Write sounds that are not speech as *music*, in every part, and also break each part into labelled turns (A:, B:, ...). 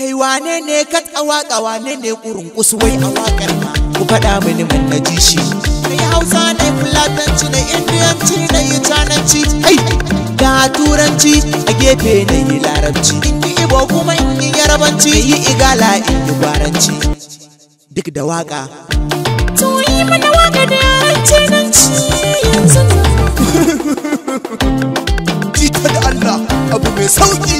A: Kai wane ne ka tsawaka wane ne kurun a wakar ma ku faɗa mini mun na ji shi. Kai Hausa na Fulatanci na Indiyanci na cananci kai ga Turanci a gefe na yi Larabci. In yi Ibo kuma in yi Yarabanci yi Igala in yi Gwaranci. Duk da waka. To
B: mana waka da yaranci nan ci yanzu. *laughs* Jita da Allah abu mai sauki.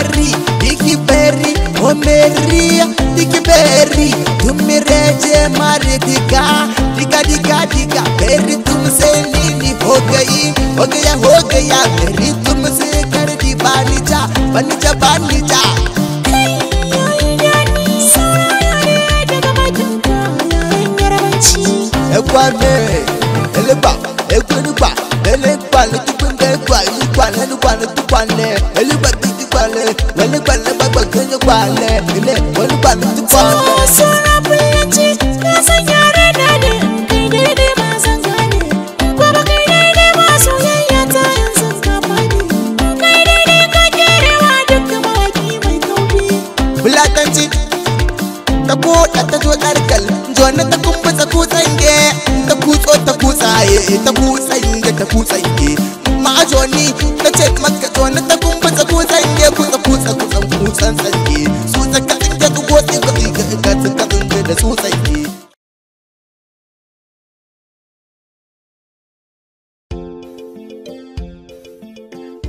C: प्यारी दिखी बेरी ओ मेरी दिखी बेरी तुम मेरे जे मारे दिखा दिखा दिखा दिखा बेरी तुमसे लीनी हो गई हो गया हो गया बेरी तुमसे कर दी बानी जा बनी जा बानी जा Ekwane, eleba, ekwenuba, elekwane, tukundekwa, elekwane, elekwane, tukwane, elebati. wọlé wọlé pẹ̀lú pẹ̀pẹ̀ kéde palẹ̀ ilé wọlé pẹ̀lú ti palẹ̀. Tuwo suna fulaci na san yare da ne kai daidai ba gane kuma kai daidai ba soyayya ta yanzu kama ne kai daidai ka kerewa duka
D: mawaki mai kauri. Bulatanci ta koɗa ta zo ɗarkal jona ta kumfasa kutsange ta kutso ta kutsaye ta kutsange ta kutsange ma'ajoni na ce maka jona ta kumfasa